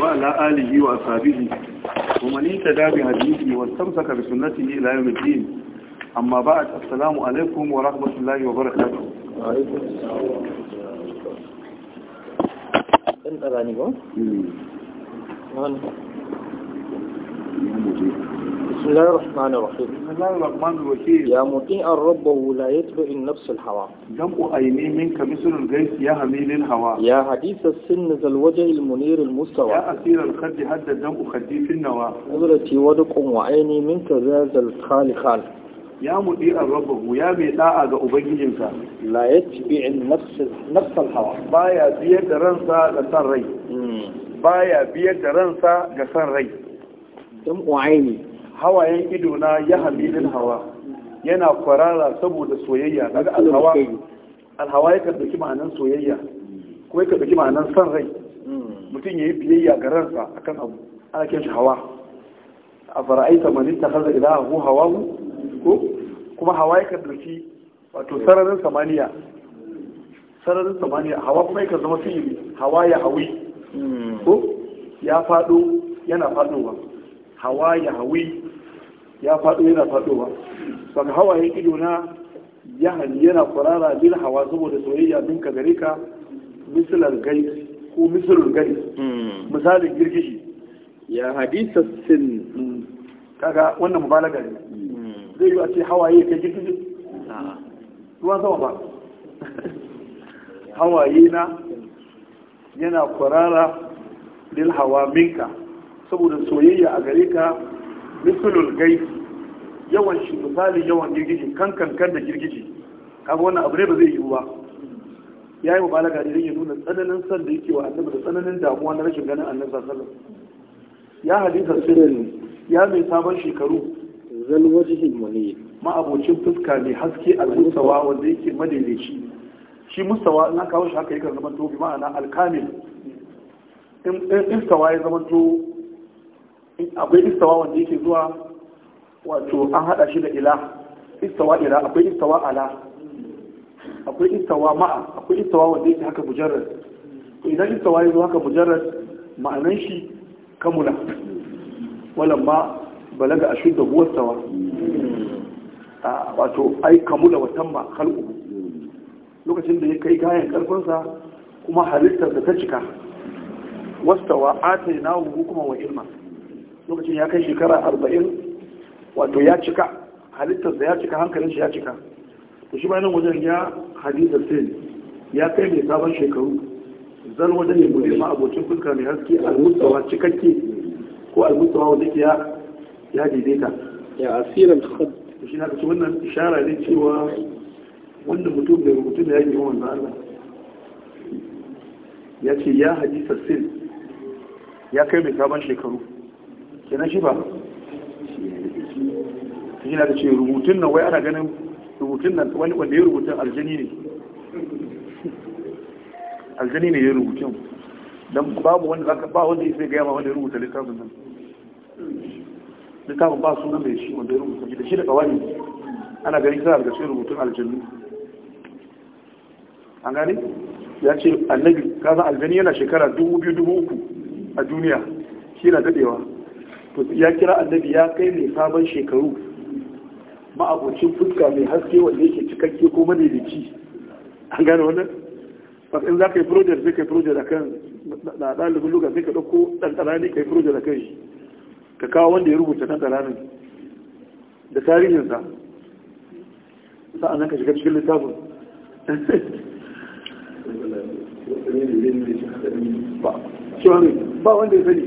وعلى آله وأصحابه ومن يتدى بهديه واستمسك بسنته إلى يوم الدين أما بعد السلام عليكم ورحمة الله وبركاته وعليكم السلام بسم الله الرحمن الرحيم بسم الله الرحمن الرحيم يا مطيع الرب وولايته تتبع النفس الهوى جمع عيني منك مثل الغيث يا هميل الهوى يا حديث السن ذا الوجه المنير المستوى يا أسير الخد هد الدمع خدي في النوى نظرتي ودق وعيني منك ذا الخال خال ya muɗi a rabahu ya mai da'a ga ubangijinsa la ya tabi'in nafsal hawa baya biyar da ransa ga san rai hmm. baya biyar da ransa ga san rai dan hawayen idona ya hamilin hawa yana kwarara saboda soyayya daga alhawa alhawa yakan dauki ma'anan soyayya ko yakan dauki ma'anan san rai mutum ya yi biyayya ga ransa akan abu ana kiran shi hawa a fara'aita man ta haza ila hu hawa ko kuma hawa yakan dauki wato sararin samaniya sararin samaniya hawa kuma yakan zama fi'ili hawa ya hawi ko ya fado yana fadowa hawa ya hawi ya fado yana fadowa kan hawaye ido na ya yana kwarara bil hawa saboda soyayya din ka gare ka misalar gai ko misalul gai hmm. misalin girgishi ya hadisa sin hmm. kaga wannan mubalaga ne hmm. zai yi a ce hawaye ka girgishi ruwa sama ba hawaye na yana kwarara lil hawa minka saboda soyayya a gare ka misalul gai yawan shi misali yawan girgije kan kankan da girgije kaga wannan abu ne ba zai yiwu ba ya yi mubalaga da jirgin nuna tsananin san da yake wa annabi da tsananin damuwa na rashin ganin annabi sallallahu ya hadisa sirrin ya mai sabon shekaru zalwajihin muni ma'abocin fuska mai haske a mustawa wanda yake madaidaici shi mustawa in aka kawo shi haka yakan zama to bi ma'ana alkamil in istawa ya zama to akwai istawa wanda yake zuwa wato an hada shi da ila istawa ila akwai istawa ala akwai istawa ma'a akwai istawa wanda yake haka mujarrad idan istawa ya zo haka mujarrad ma'anan shi kamula walan ma balaga ashudda huwa istawa wato ai kamula wa ma khalqu lokacin da ya kai gayan karfinsa kuma halittar da ta cika wastawa atainahu hukuma wa ilma lokacin ya kai shekara arba'in wato ya cika halittarsa ya cika hankalin shi ya cika to shi bayan wajen ya hadiza sin ya kai mai sabon shekaru zan wajen ya bude ma abocin fuska mai haske almustawa cikakke ko almustawa wanda ke ya daidaita ya asirin khad shi na kace wannan ishara ne cewa wanda mutum da rubutu da yi yawan Allah ya ce ya hadisa sin ya kai mai sabon shekaru kenan shi ba yana da ce rubutun nan wai ana ganin rubutun nan wani wanda ya rubutun aljani ne aljani ne ya rubutun don babu wanda zaka ba wanda ya sai gaya ma wanda ya rubuta littafin nan littafin ba sunan mai shi wanda ya rubuta shi da shi da kawai ana ganin kira daga cikin rubutun aljanu an gane ya ce annabi kasan aljani yana shekara dubu biyu dubu uku a duniya shi na dadewa to ya kira annabi ya kai mai sabon shekaru ma'abocin fuska mai haske wanda yake cikakke ko madaidaici an gane wannan ba in za ka yi project zai ka yi project akan na ɗalibin lugar zai ka ɗauko ɗan ne ka yi project da shi ka kawo wanda ya rubuta ɗan ƙaranin da tarihinsa sa'annan ka shiga cikin littafin ba wanda ya sani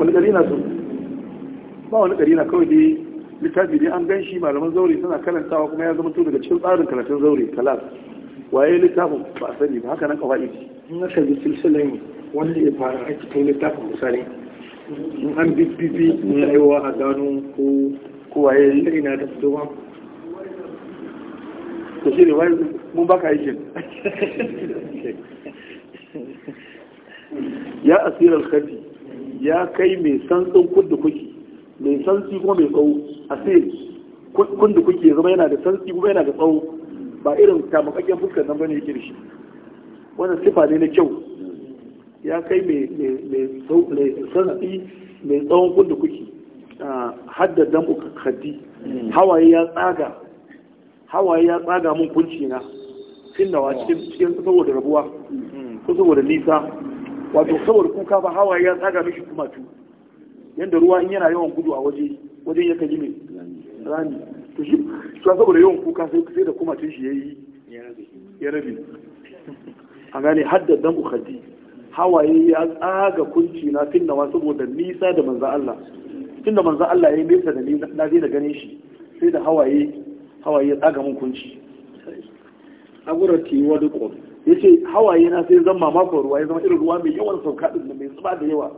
wani ƙari na so ba wani ƙari na kawai dai littafi ne an gan shi malaman zaure suna karantawa kuma ya zama to daga cikin tsarin karatun zaure kalas waye littafin ba a sani ba haka nan kawai in aka bi silsilan wanda ya fara ake kai littafin misali in an bibbibi na aiwa a gano ko ko waye da ina da fito ba to shi ne waye mun baka aikin ya asirar khadi ya kai mai santsin kudda kuki mai sansi kuma mai tsawo a sai kun da kuke zama yana da sansi kuma yana da tsawo ba irin kamakakken fuskar nan bane yake da shi wannan sifa ne na kyau ya kai mai sansi mai tsawon kun da kuke haddadan uka kaddi hmm. hawaye ya tsaga hawaye ya tsaga mun kunci na finnawa cikin saboda rabuwa hmm. ko saboda nisa wato saboda kuka ba hawaye ya tsaga mishi kuma tu yadda ruwa in yana yawan gudu a waje wajen ya kaji mai rami to shi to saboda yawan kuka sai da kuma tun shi yi ya rabe a gane hadda dan hawaye ya tsaga kunci na finnawa saboda nisa da manzo Allah tunda manzo Allah yayi nisa da ni na je da ganin shi sai da hawaye hawaye ya tsaga mun kunci agurati wa duqo yace hawaye na sai zan mamakon ruwa ya zama irin ruwa mai yawan sauka din mai zuba da yawa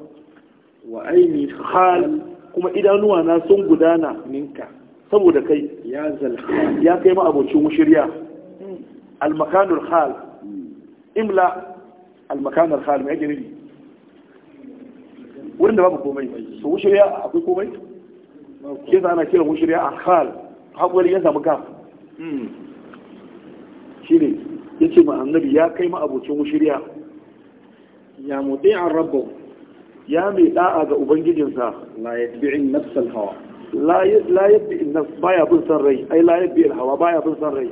wa aini khal kuma idanuwa na sun gudana minka saboda kai ya zalkhal ya kai ma abocin mushriya hmm. al makanul khal hmm. imla al makanul khal mai gari wurin da babu komai so mushriya akwai komai ke za ana kira mushriya al khal hakwai ya samu gaf hmm. shine yace ma annabi ya kai ma abocin mushriya ya muti a rabbu ya mai da'a ga ubangijinsa la yatbi'in nafsal hawa la yatbi'in nafs baya bin san rai ai la yatbi'il hawa baya bin san rai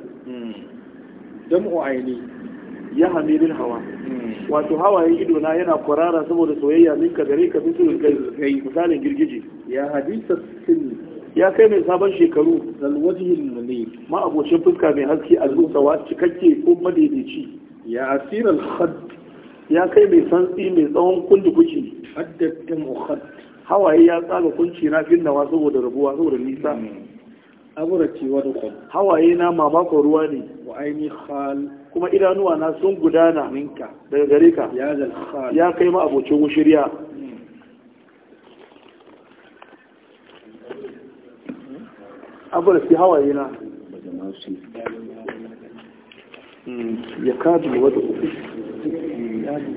jam'u hmm. aini ya hamilin hawa hmm. wato hawayen ido na yana kwarara saboda soyayya min ka gare ka bisu kai misalin girgije ya hadisa sin ya kai mai sabon shekaru zalwajihin ne ma abocin fuska mai haske a zuwa cikakke ko madaidaici ya asirar hadd ya kai mai santsi mai tsawon kundi kuci haddata mukhad hawaye ya tsaga kunci na finnawa saboda rabuwa saboda nisa hmm. aburati wa dukhul hawaye na mamako ruwa ne wa aini khal kuma idanuwa na sun gudana minka daga gare ka ya zal khal ya kai ma abocin hmm. abura aburati hawaye na hmm. ya kadu wa dukhul يعني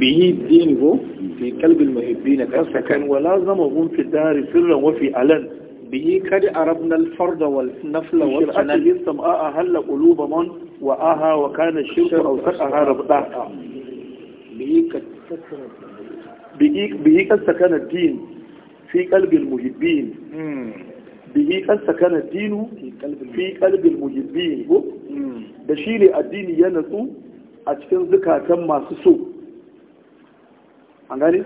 به دينه في قلب المحبين كان ولازمهم في الدار سرا وفي ألن به قد عرفنا الفرد والنفل والشرعة يستمع أهل قلوب من وآها وكان الشرك أو سقها ربطا به قد سكن الدين fi kalbin muhibbin bihi kan sakana dinu fi kalbin muhibbin da shi ne addini ya natsu a cikin zukatan masu so annabi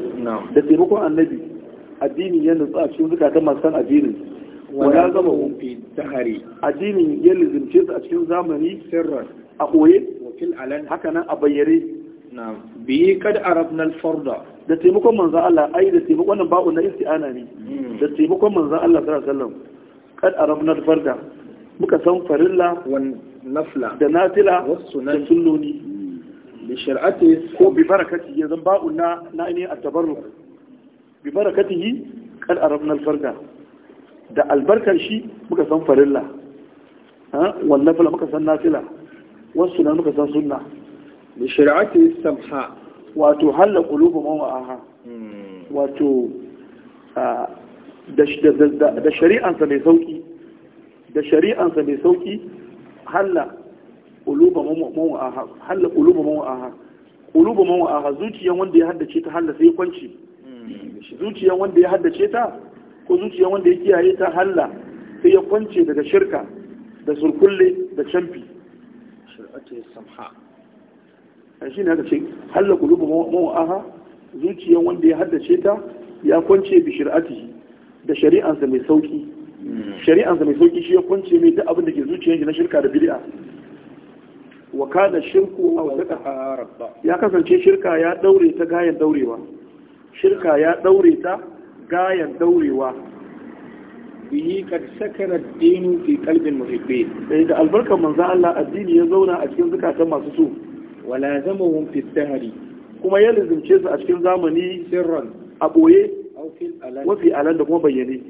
addini ya natsu a cikin zukatan masu san addinin wala zama fi su a cikin zamani a koye wakil alan haka nan a bayyare na biyi kad arabnal farda da taimakon manzan Allah ai da taimakon wannan ba'u na isti'ana ne hmm. da taimakon manzan Allah sallallahu alaihi wasallam kad arabnal farda muka san farilla wan nafla da nafila da sunnoni hmm. bi shar'ati ko bi barakati yanzu ba'u na na ne at-tabarruk bi barakatihi kad arabnal farda da albarkar shi muka san farilla ha wan nafila muka san nafila wasu na muka san sunna da ya samha wato halla qulubu man wa'aha hmm. wato da shari'ansa mai sauki da shari'ansa mai sauki halla qulubu man wa'aha halla zuciyan wanda ya haddace ta halla sai kwanci hmm. zuciyan wanda ya haddace ta ko zuciyan wanda ya kiyaye ta halla sai ya kwance daga shirka da surkulle da canfi shari'ati samha shi ne aka ce halla qulubu maw'aha zuciyan wanda ya haddace ta ya kwance bi shari'atihi da shari'ansa mai sauki hmm. shari'ansa mai sauki shi ya kwance mai duk abin da ke zuciyar shi na shirka da bid'a wa kana shirku aw saka ya kasance shirka ya daure ta gayan daurewa shirka ya daure ta gayan daurewa bihi kad sakara dinu fi qalbin muhibbin eh, da albarkar manzo Allah addini ya zauna a cikin zukatan masu so wala zama wun fitahari kuma ya lizimce su a cikin zamani sirran a ɓoye wafi alan da kuma bayyane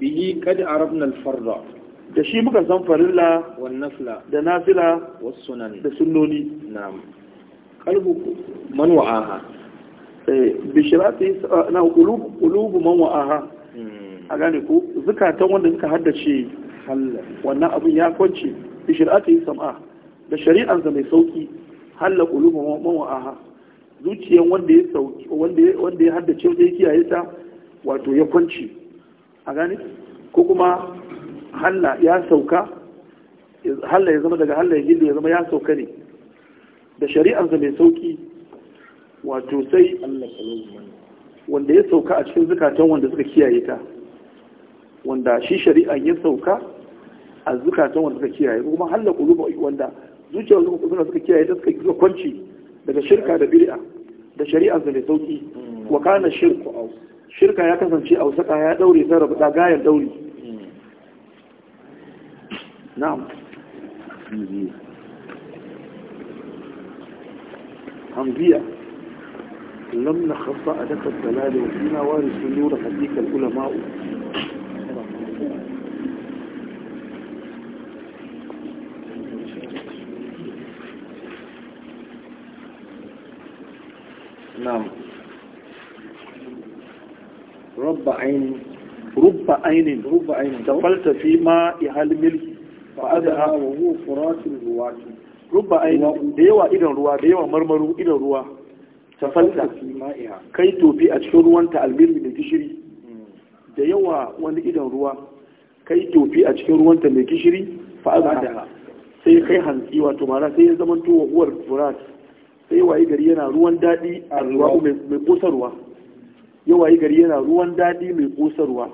biyi kada arabnal farda da shi muka san farilla da nafila da sunnoni kalbu man wa'aha bishirati na qulubu man wa'aha a gane ko zukatan wanda suka haddace wannan abin ya kwance bishirati sam'a da da mai sauki halla qulubu man wa'aha zuciyan wanda ya sauki wanda ya haddace wanda ya kiyaye ta wato ya kwanci a gani ko kuma halla ya sauka halla ya zama daga halla ya gillu ya zama ya sauka ne da da mai sauki wato sai wanda ya sauka a cikin zukatan wanda suka kiyaye ta wanda shi shari'an ya sauka a zukatan wanda suka kiyaye kuma halla kulubu wanda zuciyar suna suka kiyaye ta suka yi zokonci daga shirka da bid'a da shari'ar da mai sauki hmm. wa kana shirku au shirka ya kasance a wasaka ya daure sai rabu da gayar daure hmm. na'am hamziya lam na khassa adaka dalal wa fina warisul nura hadika al rabba ainin rubba ainin rubba ainin da falta fi ma ihal milki fa adha wa huwa furatul ruwati rubba ainin da yawa idan ruwa da yawa marmaru idan ruwa ta falta kai tofi a cikin ruwanta almirmi da gishiri da yawa wani idan ruwa kai tofi a cikin ruwanta mai gishiri fa adha sai kai hanzi wato mara sai ya zama tuwa uwar furat sai waye gari yana ruwan dadi a ruwa mai ruwa. yawayi gari yana ruwan daɗi mai ƙosarwa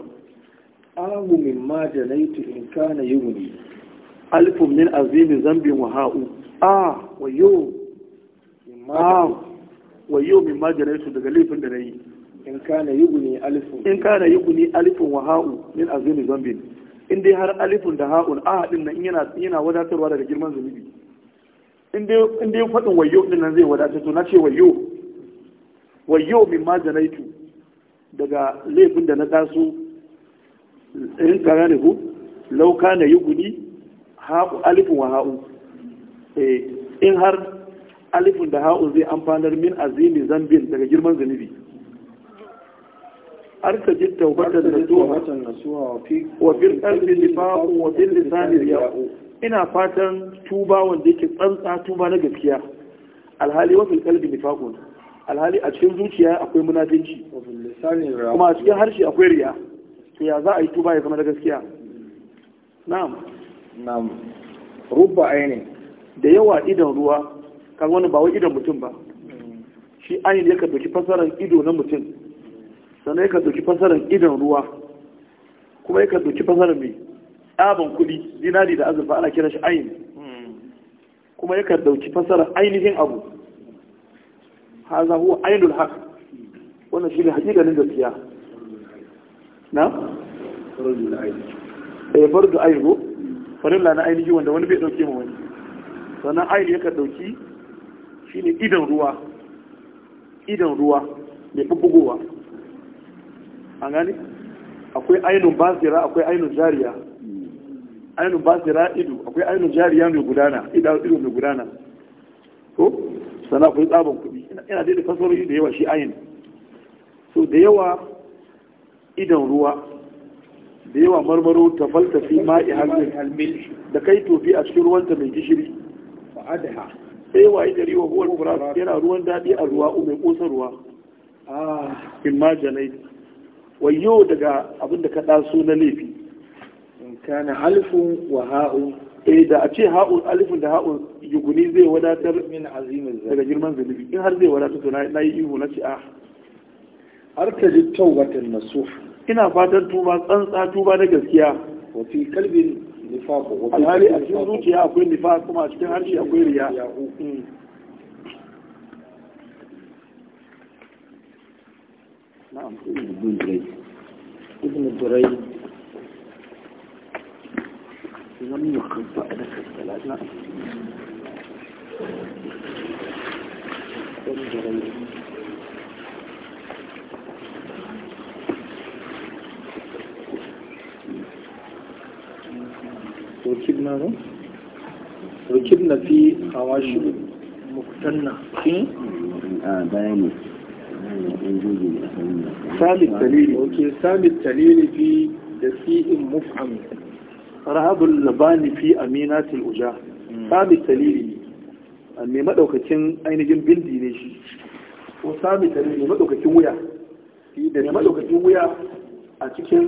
amu min ma janaitu in kana yuni alifun min azimi zambin wa ha'u A wayo wayo min ma janaitu daga laifin da na yi in kana yuni alfun in kana yuni alfun wa ha'u min azimi zambin in dai har alifun da ha'un a haɗin nan yana yana wadatarwa daga girman zunubi in dai faɗin wayo ɗin nan zai wadatar to na ce wayo wayo min ma janaitu daga laifin da na taso in kara ne ku lauka na yi guni haƙu alifin wa ha'u eh, in har alifin da ha'u zai amfanar min azimi zambin daga girman da zuwa wa النسوة وفي القلب wa وفي اللسان رياء ina fatan tuba wanda yake tsantsa tuba na gaskiya alhali wa fil qalbi nifaqun alhali a cikin zuciya akwai munafinci kuma a cikin harshe akwai riya to ya za a yi tuba ya zama da gaskiya na'am na'am rubba aini da yawa idan ruwa kan wani ba wai idan mutum ba shi ainihin ya ka doki fasarar ido na mutum sannan ya ka doki fasarar idan ruwa kuma ya ka doki fasarar mai tsaban kuɗi dinari da azurfa ana kira shi ainihin hmm. kuma ya ka doki fasarar ainihin abu هذا هو عين الحق وانا shi ne hakikanin gaskiya na fardu ainihi فرد fardu فرد farilla na جوان wanda wani bai موان فانا wani sannan دوكي yakan dauki روا idan ruwa idan ruwa mai akwai ainihin basira akwai ainihin jariya ainihin basira ido akwai ainihin jariya mai gudana ido mai gudana ko sana kuyi tsabon tsaban kuɗi yana da fasarori da yawa shi ayin so da yawa idan ruwa da yawa marmaro ta fi ma'i halmil da kai tofi a cikin ruwanta mai gishiri sai waye gari wa huwar kura yana ruwan daɗi a ruwa mai ƙosarwa ah. in ma janai wayo daga abin da ka ɗaso na laifi kana alifin wa ha'un eh da a ce ha'un alifin da ha'un yuguni zai wadatar daga girman zunubi in har zai wadatar to na yi ihu na ce ah. a arkaji tawbatan nasuh ina fatan tuba tsantsa tuba na gaskiya wa fi qalbi nifaq a cikin zuciya akwai nifaq kuma a cikin harshe akwai riya hmm. na'am ibn لم يخطئ لك الثلاث ركبنا في حواشي مقتنع في إيه؟ آه، بياني سامي التليلي في دسيء مفعم رهاب اللباني في امينات الوجاه سامي التليلي اني ما دوكا تين اين جن بلدي نيشي وسامي التليلي ما دوكا تين ويا ما دوكا تين ويا اتكين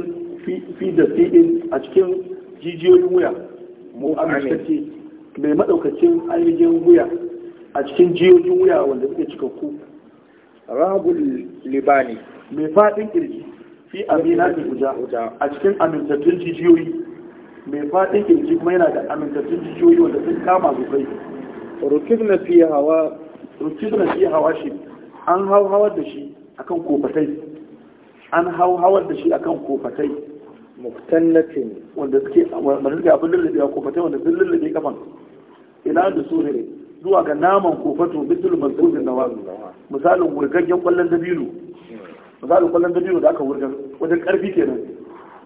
في دسيء اتكين جيجيو الويا Mu amince mai maɗaukacin ainihin wuya a cikin jiyoyin wuya wanda suke ku. rabul libani mai faɗin kirji fi amina da guja a cikin amintattun jijiyoyi mai faɗin kirji kuma yana da amintattun jijiyoyi wanda sun kama zubai rukibna fi hawa rukibna fi hawa shi an hau hawar da shi akan kofatai an hau hawar da shi akan kofatai muktannatin wanda suke wanda suke abin lullube a kofate wanda sun lullube kafan ila da su ne zuwa ga naman kofato bisul masudin da wazu misalin wurgaggen kwallon dabilu misalin kwallon dabilu da aka wurgar wajen karfi kenan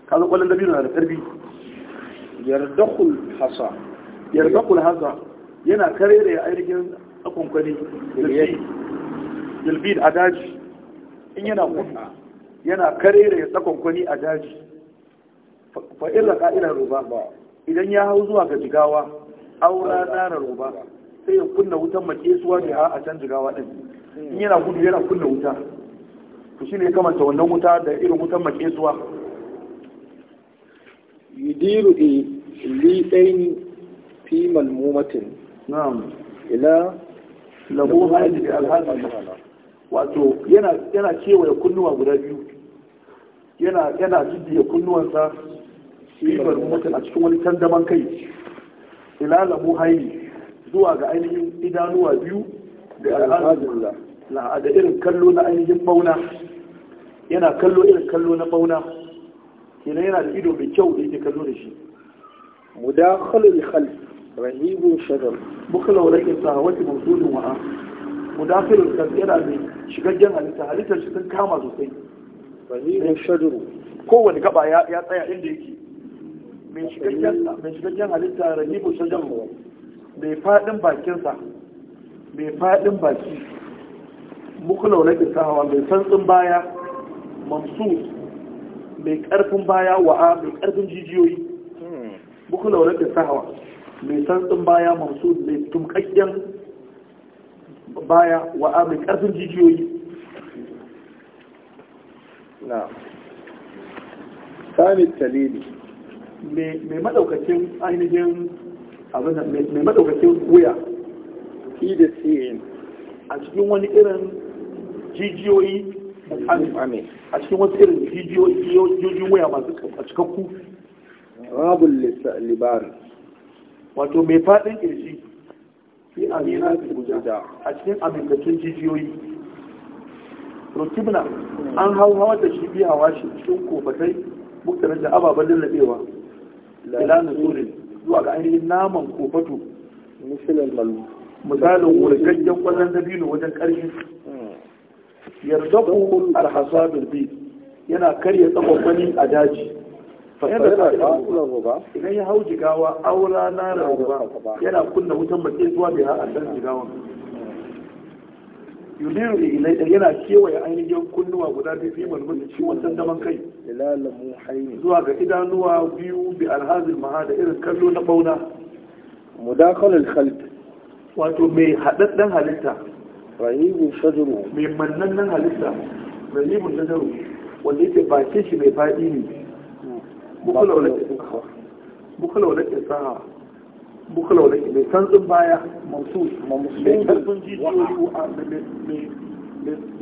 kaza kwallon dabilu na da karfi yardakul hasa yardakul hasa yana karere ainihin akwamkwani dilbid a daji in yana gudu yana karere ya tsakonkwani a daji fa irra ka'ilar ruba idan ya hau zuwa ga jigawa aura narar ruba sai ya kunna wutan suwa da a can jigawa din in yana gudu yana kunna wuta to shine kamanta wannan wuta da irin wutan suwa yudiru li tsayin fi malmumatin na'am ila lahu hajji alhaji wato yana yana ya kunnuwa guda biyu yana yana jiddiya kunnuwansa sifar mutum a cikin wani tandaman kai ila lamu haini zuwa ga ainihin idanuwa biyu da al'adullah ga irin kallo na ainihin bauna yana kallo irin kallo na bauna kenan yana da ido mai kyau da yake kallo da shi mudakhalul khalf rahibun shagar bukhla rakin sa wati mawsulun wa'a mudakhalul khalf yana da shigaggen halitta halittar shi sun kama sosai rahibun shagar kowane gaba ya tsaya inda yake mai cikakken halitta rahibu shajan mai faɗin bakinsa mai faɗin baki muku na hawa mai santsin baya mamsu mai ƙarfin baya wa'a mai ƙarfin jijiyoyi Muku na hawa mai santsin baya mamsu mai tumkakken baya wa'a mai ƙarfin jijiyoyi na sami talili mai madaukakin ainihin abin mai madaukakin wuya fi da siyin a cikin wani irin jijiyoyi a cikin wasu irin jijiyoyi wuya masu cikakku rabul libar wato mai faɗin kirji fi amina guda a cikin amintattun jijiyoyi rukibna an hau hawa da shi biya washe cikin kofatai muktarar da ababen lallabewa ila nusurin zuwa ga ainihin naman kofato misalin malu misalin wurgaggen kwallon dabino wajen yarda ku alhasa bilbi yana karya tsakwani a daji idan ya hau jigawa aura na rahuba yana kunna wutan mace zuwa bai ha a jigawan yuliru ilai da yana kewaye ainihin kunnuwa guda biyu fi malmul shi wancan daman kai zuwa ga idanuwa biyu bi alhazil maha da irin kallo na bauna mudakhalul khalq wato mai hadaddan halitta rahibun shajaru mai mannannan halitta rahibun shajaru wanda yake bakin shi mai fadi ne hmm. mukula saha bukula da mai santsin baya mamsu mai karfin jijiyoyi wa mai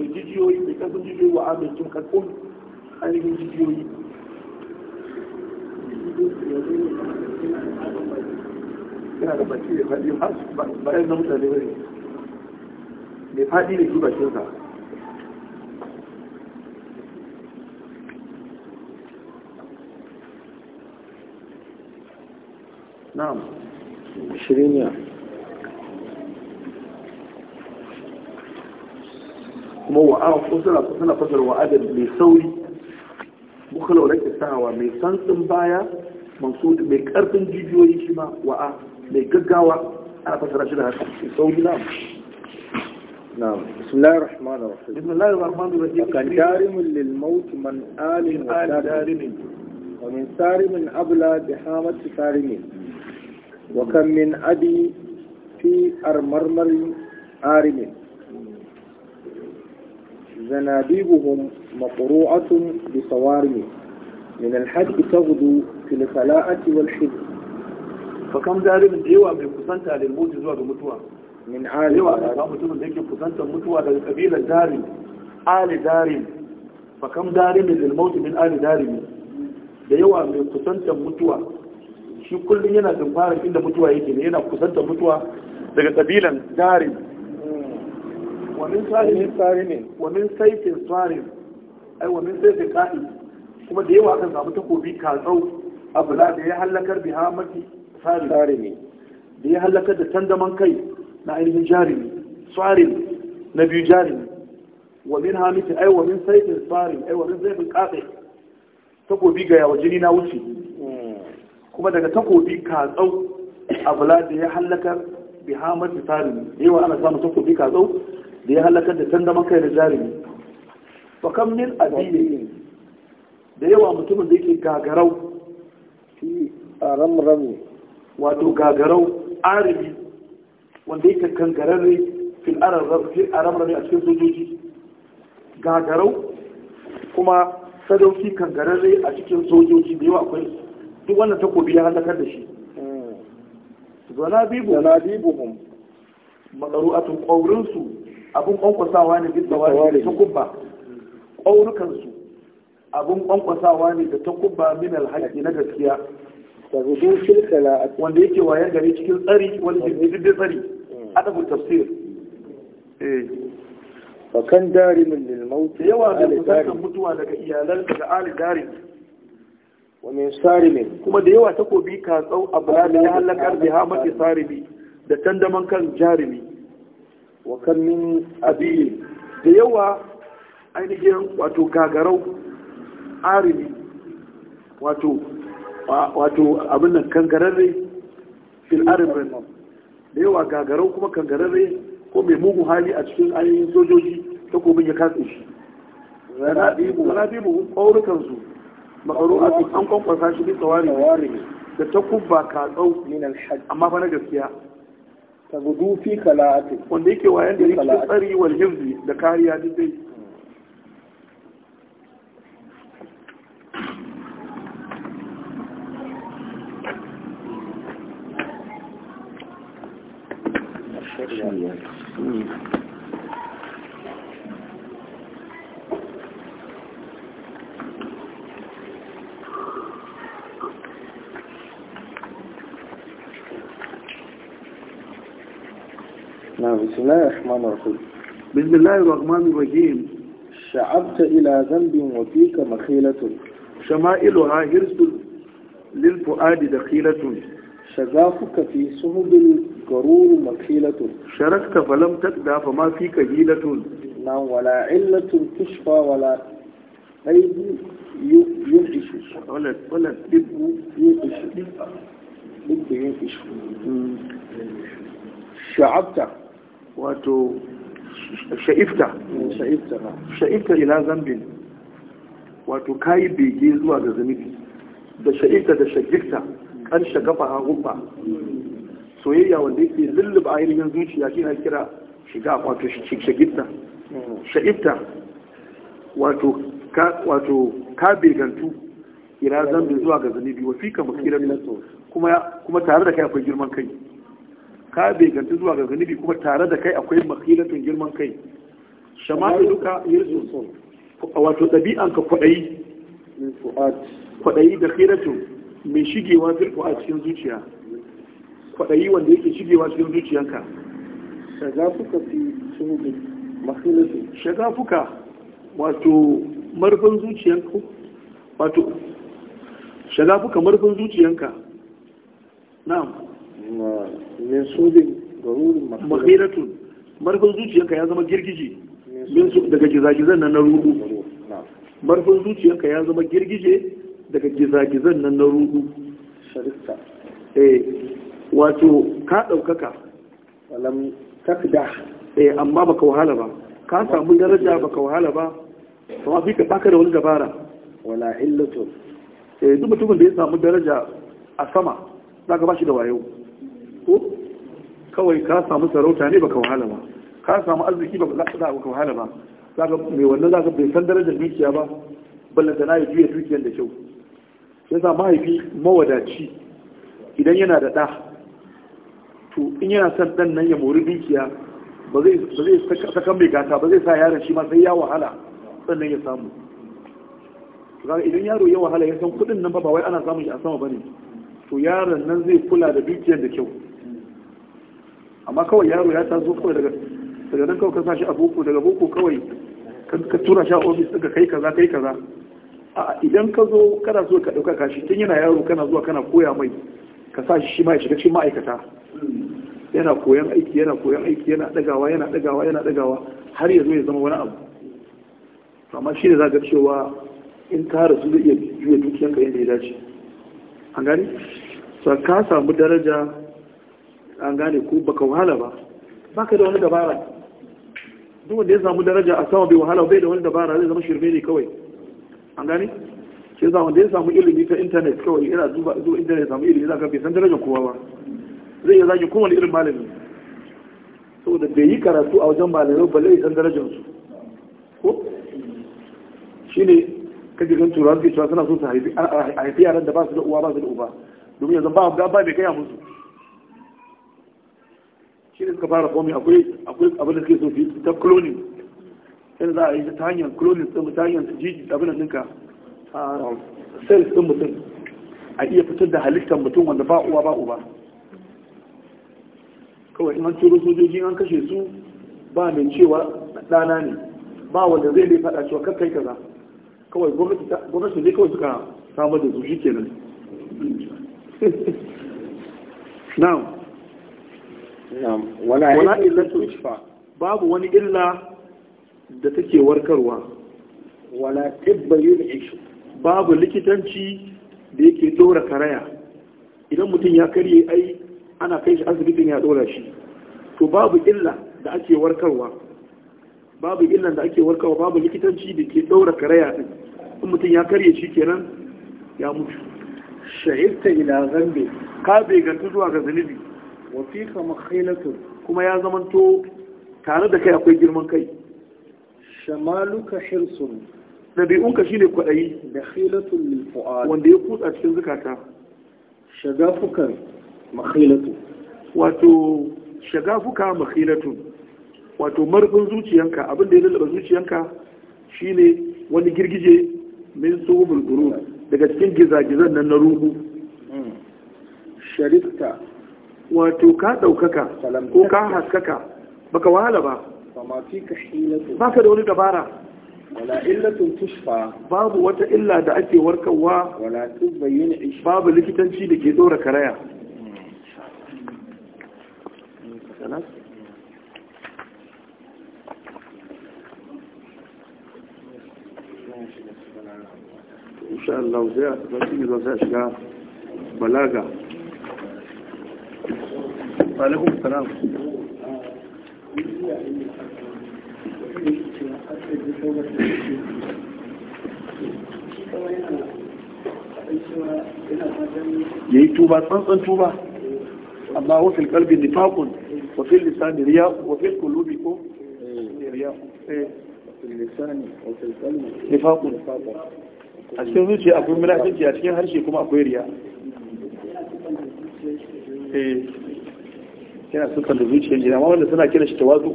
jijiyoyi mai karfin jijiyoyi wa mai jin ainihin jijiyoyi yana da baki da faɗi mai faɗi da shi bakinsa عشرين يوم مو عرف وصل وصل فصل وعدد ميسوي بخلو لك الساعة وميسان سنبايا منصود ميكارتن جيجو يشيما وعا ميكاقاوا أنا فصل عشرة ميسوي نعم نعم بسم الله الرحمن الرحيم بسم الله الرحمن الرحيم وكان دارم للموت من آل آل وسارم ومن سارم أبلى دحامة سارمين وكم من أبي في أرمرمر آرم زنابيبهم مقروعة بصوارم من الحد تغدو في الفلاءة والحب فكم ذلك من ديوة من قسنتها للموت زوى بمتوى من آل ديوة من ذلك كسنتها متوى للقبيلة دارب آل دارب فكم من الموت من آل دارب ديوة من كسنتها متوى shi kullum yana tunfarar inda mutuwa yake ne yana kusanta mutuwa daga kabilan jarin wamin tsari tsarin wamin saifin tsarin ai wamin saifin ka'i kuma da yawa kan samu takobi katsau abu da ya halakar bi hamati tsarin da ya hallakar da tandaman kai na ainihin jarin tsarin na biyu jarin wamin hamiti ai wamin saifin tsarin ai wamin saifin katsai takobi ga yawa jini na wuce kuma daga takobi katsau a bula da ya hallakar bi hamar da tarimi yawa ana samun takobi katsau da ya hallakar da tanda kai da jarumi fa kam min adili da yawa mutumin da yake gagarau fi ramrami wato gagarau arimi wanda yake kangararre fil aramrami a cikin sojoji gagarau kuma sadauki kangararre a cikin sojoji da yawa akwai duk wannan takobi ya halakar da shi zanabibuhum madaru'atun ƙaurinsu abin ƙwanƙwasawa ne bisa wani da takubba su abin ƙwanƙwasawa ne da takubba min alhaji na gaskiya wanda yake wayar gari cikin tsari wanda hmm. yake eh. da tsari adabu tafsir kan darimin lil maut yawa da mutuwa daga iyalan daga ali darim ومن سارم كما ديوا تكو بيكا أو أبلاد يهلك بهامة سارمي da tandaman kan jarumi wa kan min abiyin da yawa ainihin wato gagarau arimi wato wato abin nan kangararre fil arimin da yawa gagarau kuma kangararre ko mai mugu hali a cikin ainihin sojoji takobin ya katse shi zanabi mu ƙaurukansu makaru'atun an kwankwasa shi bisa wari da ta kubba katsau amma fa na gaskiya ta gudu fi kala'atin wanda yake wayan da yake tsari wal hifzi da kariya da dai Bismillahirrahmanirrahim. Bismillahirrahmanirrahim. Sha'abta ila zambin wa fika makhilatun. Shama'ilu ha hirsul lil fu'adi da khilatun. Shazafuka fi suhubil garur makhilatun. Sharakta falam takda fa ma fika hilatun. Na wala illatun tushfa wala aibu yu'ishu. Wala wala dibu yu'ishu. Dibu yu'ishu. Shu'abta. Shu'abta. wato sha'ifta sha'ifta ila zambin wato kayi bege zuwa ga zunubi da sha'ifta da sha'ifta kan shagafa a gumba soyayya wanda yake a yanayin zuciya shi na kira shiga wato hmm. sha'ifta sha'ifta wato ka begantu ila zambin zuwa ga zunubi wa fika makirar kuma tare da kai akwai girman kai ka begantu zuwa ga zunubi kuma tare da kai akwai makilatun girman kai shama'iluka yirzu wato ɗabi'an ka kwaɗayi kwaɗayi da khiratun mai shigewa zirku a cikin zuciya kwaɗayi wanda yake shigewa cikin zuciyanka shagafuka fi shuhubin makilatun shagafuka wato marfin zuciyanku wato shagafuka marfin zuciyanka na'am mahiratun marfin zuciyanka ya zama girgije daga gizagizan nan na rudu marfin zuciyanka ya eh, zama girgije daga gizagizan nan na rudu wato ka ɗaukaka walam eh, amma baka wahala ba ka samu daraja baka wahala ba kuma fi ka baka da wani dabara wala illatun eh, duk mutumin da ya samu daraja a sama ka ba shi da wayo ko kawai ka samu sarauta ne baka wahala ba ka samu arziki ba za ka wahala ba ka mai wannan ka bai san darajar dukiya ba ballanta na ya juya dukiyar da kyau sai sa mahaifi mawadaci idan yana da ɗa to in yana son ɗan nan ya mori dukiya ba zai sakan mai gata ba zai sa yaron shi ma sai ya wahala sannan ya samu kaga idan yaro ya wahala ya san kuɗin nan ba ba wai ana samun shi a sama bane to yaron nan zai kula da dukiyar da kyau amma kawai yaro ya taso kawai daga daga nan kawai ka sashi a boko daga boko kawai ka tura shi a ofis ka kai kaza kai kaza a idan ka zo kana so ka dauka kashi tun yana yaro kana zuwa kana koya mai ka sa shi ma ya shiga cikin ma'aikata yana koyan aiki yana koyan aiki yana dagawa yana dagawa yana dagawa har ya zo ya zama wani abu amma shi ne za ka cewa in ka rasu zai iya juya dukiyanka yadda ya dace an gani ka samu daraja an gane ko baka wahala ba baka da wani dabara duk wanda ya samu daraja a sama bai wahala bai da wani dabara zai zama shirme ne kawai an gane shi zama wanda ya samu ilimi ta intanet kawai yana duba zuwa intanet samu ilimi zaka bai san darajar kowa ba zai iya zagi kowane irin malami saboda bai yi karatu a wajen malamai ba zai san darajar su ko shine kaje gan turawa suke cewa suna so su haifi yaran da ba su da uwa ba su da uba domin yanzu ba ba bai kai musu shi ne suka fara komi akwai abin da suke so su ta cloning sai za a yi ta hanyar cloning ɗin ta hanyar su jiji abin da ninka a cells din mutum a iya fitar da halittar mutum wanda ba uwa ba uba kawai in an turo sojoji an kashe su ba mai cewa ɗana ne ba wanda zai bai faɗa cewa kakkai kaza kawai gwamnati ne kawai suka samar da su shi kenan na'am wala illatu ishfa babu wani illa da take warkarwa wala tibba yun'ish babu likitanci da yake dora karaya idan mutum ya karye ai ana kai shi asibitin ya dora shi to babu illa da ake warkarwa babu illa da ake warkarwa babu likitanci da ke dora karaya din in mutum ya karye shi kenan ya mutu shahidta ila zambe ka bai gantu zuwa ga zunubi wa fika kuma ya zamanto tare da kai akwai girman kai shamaluka hirsun ɗabi'unka shine kwaɗayi da khilatun lil fu'ad wanda ya kutsa cikin zukata shagafukan makhilatu wato shagafuka makhilatu wato marfin zuciyanka abin da ya lalaba zuciyanka shine wani girgije min subul guru daga cikin gizagizan nan na ruhu hmm. sharifta wato ka ɗaukaka ko ka haskaka baka wahala ba ba ka da wani dabara wala illatun tushfa babu wata illa da ake warkarwa wala tubayyana babu likitanci da ke dora karaya insha Allah zai a zai shiga balaga alaikum salam ya yi tuba tsantsan tuba amma wafil kalbi nifakun wafil lisani riya wafil kulubi ko riya nifakun a cikin zuciya akwai a cikin harshe kuma akwai riya yana sukan da zuciyar jina ma wanda suna kira shi tawazu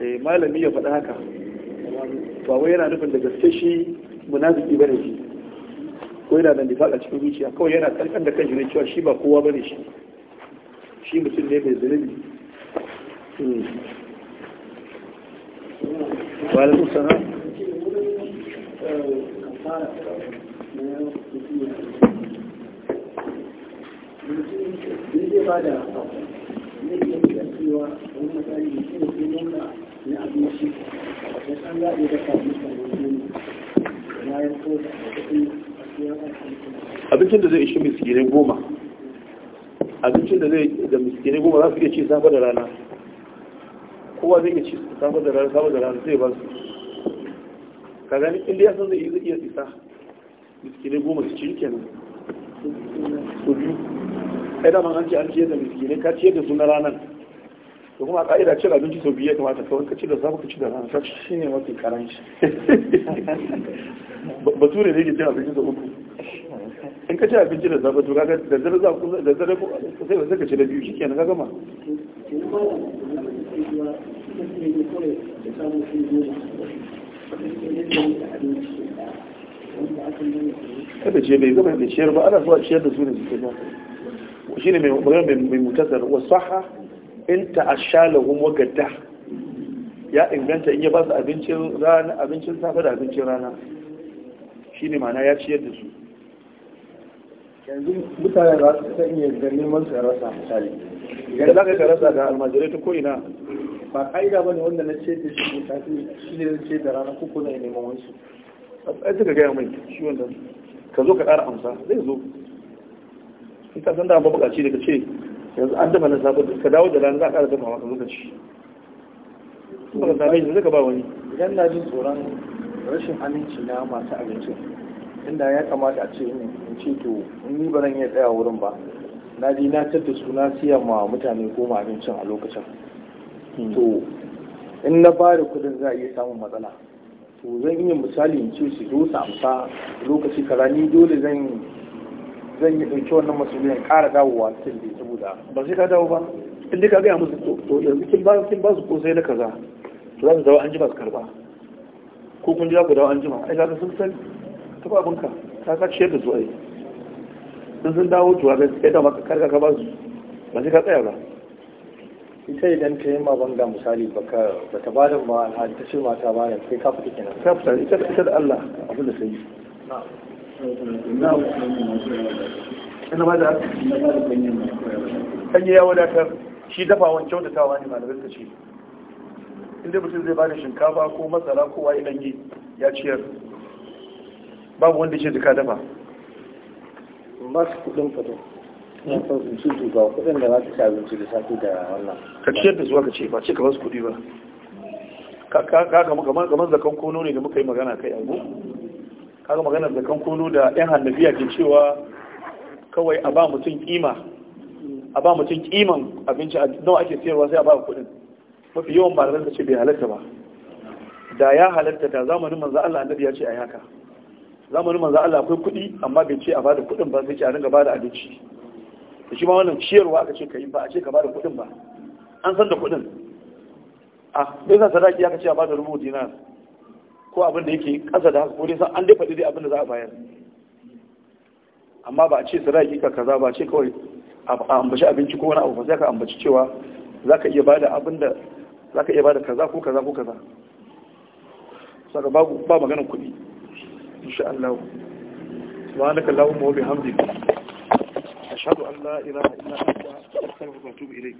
eh malami ya faɗi haka ba wai yana nufin da gaske shi munafiki bane shi ko yana da nifaq a cikin zuciya kawai yana karkan da kanshi ne cewa shi ba kowa bane shi shi mutum ne mai zunubi hmm. wa alaikum salam Thank you. abincin da zai ishi miskinai goma abincin da zai da miskinai goma za su iya ci safe da rana kowa zai iya ci safe da rana da rana zai ba su ka gani inda ya san zai iya isa miskinai goma su ci kenan su biyu kai dama an ce an ciyar da miskinai ka ciyar da su na ranar to kuma ka'ida cin abinci sau biyu ya kamata kawai ka ci da zafi ka ci da rana ka shi ne mafi karanci bature ne ke cin abinci sau uku in ka ci abinci da zafi to kaga da zara za ku da zara ku sai ba sai ka ci da biyu shikenan ka gama kada ce bai zama da ciyar ba ana zuwa ciyar da su ne suke ba shi ne mai mutasar wa saha in ta'ashsha lahum wa gadda ya inganta in ya ba su abincin rana abincin safe da abincin rana Shi ne mana ya ciyar da su yanzu mutane za su ta iya da neman rasa misali yanzu za ka rasa ga almajirai ta ko'ina ba ka'ida ba ne wanda na ce da shi ta shi ne ce da rana ko na neman wasu a tsaye gaya mai shi wanda ka zo ka ƙara amsa zai zo in ka san da ba bukaci daga ce yanzu an dama na safe ka dawo da rana za a ƙara dafa maka lokaci kuma ka same shi zaka ba wani idan na jin tsoron rashin aminci na masu abincin inda ya kamata a ce in ce to ni ba zan iya tsaya wurin ba na ji na tattar suna siya ma mutane goma abincin a lokacin hmm. to in na ba da kudin za a iya samun matsala to zan yi misali in ce su zo su amsa lokaci kaza ni dole zan zan yi ɗauki wannan masuliyar ƙara dawowa cikin da saboda ba sai ka dawo ba inda ka gaya musu to yanzu kin ba kin ba su sai na kaza to za su dawo an jima su karba ko kun ji za ku dawo an jima ai za ka sun san ta ba abinka ka ka ciyar da su ai sun sun dawo to ga sai da maka karka ka ba su ba sai ka tsaya ba ita idan ta yi ma banga misali baka bata ba da ma ta ce mata ba ne sai ka fita kenan ka fita ita da Allah abin da sai na'am ina ba da ganye ya wadatar shi dafa wancan da tawa ne malamai suka ce inda mutum zai ba bada shinkafa ko masara ko waye ganye ya ciyar babu wanda ce duka dafa ba su kudin fito ya san su su ga kudin da za su ci abinci da safi da wannan ka ciyar da zuwa ka ce ba ce ka ba su kudi ba ka ga kamar zakan kono ne da muka yi magana kai abu kaga maganar kan kunu da yan hannabiya ke cewa kawai a ba mutum kima a ba mutum kiman abinci a nawa ake siyarwa sai a ba kuɗin mafi yawan ba da ce bai halatta ba da ya halatta da zamanin manzo Allah annabi ya ce a yaka zamanin manzo Allah akwai kuɗi amma bai ce a bada kuɗin ba sai ce a ringa bada abinci da shi ma wannan ciyarwa aka ce ka yi ba a ce ka bada kuɗin ba an san da kuɗin a bai san sadaki aka ce a bada rubu dinar ko abin da yake ƙasa da haka ko dai san an dai faɗi dai abin da za a bayar amma ba a ce sadaki ka kaza ba a ce kawai a ambaci abinci ko wani abu ba sai ka ambaci cewa za ka iya bada abin da za ka iya bada kaza ko kaza ko kaza saka babu ba maganar kuɗi insha Allah subhanaka allahumma wa bihamdika ashhadu an la ilaha illa anta astaghfiruka wa atubu ilayk